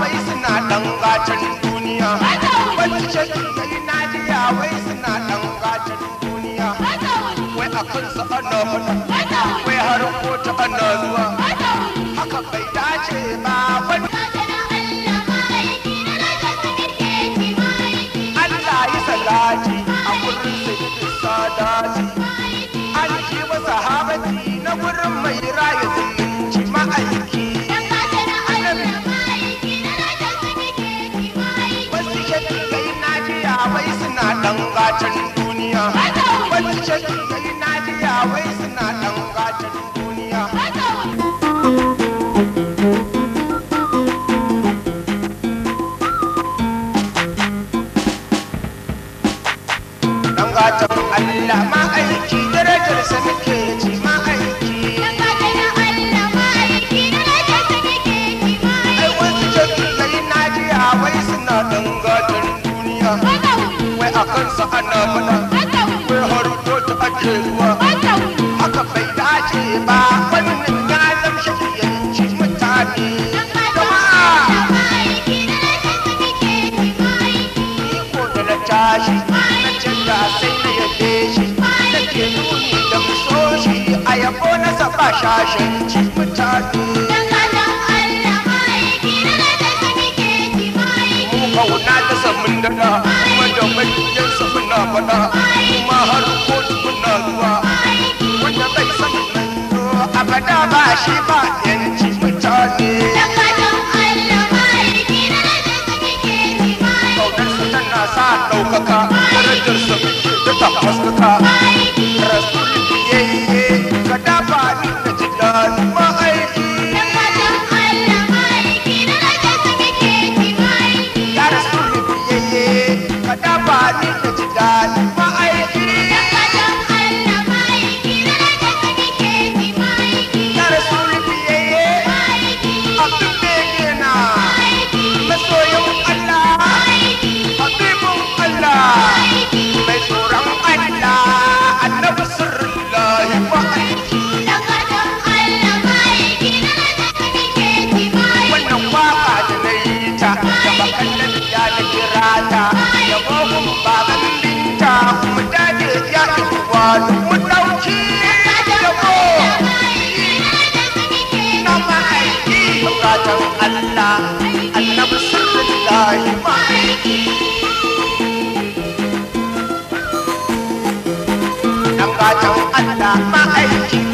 wai suna dan gacin duniya ban cike tunani na jiya wai suna dan gacin duniya wai a kansu ana fata wai har kotu ana zuwa haka bai dace ba wani Allah yi salati a gurin sai sadati an ji wa habati na gurin mai rayu sai na ji wai suna dan gatan duniya wacce sai na ji wai suna dan duniya dan gatan Allah ma aiki darajar sa muke ji ana mana akwai haruto ta ake ruwa haka bai dace ba wannan ya zamshi yanci mutane Iko da na tashi, na canza sai na yade shi, na ke da so a yabo na saba shashanci Kauna ta samun dana. da makiyansa suna faɗa kuma har kotu kuna zuwa wanda bai san manzo abada ba shi ba yanci mutane Kautarsa tana sa ɗaukaka Die. Ibrahima Dan bacin Allah ma'aiki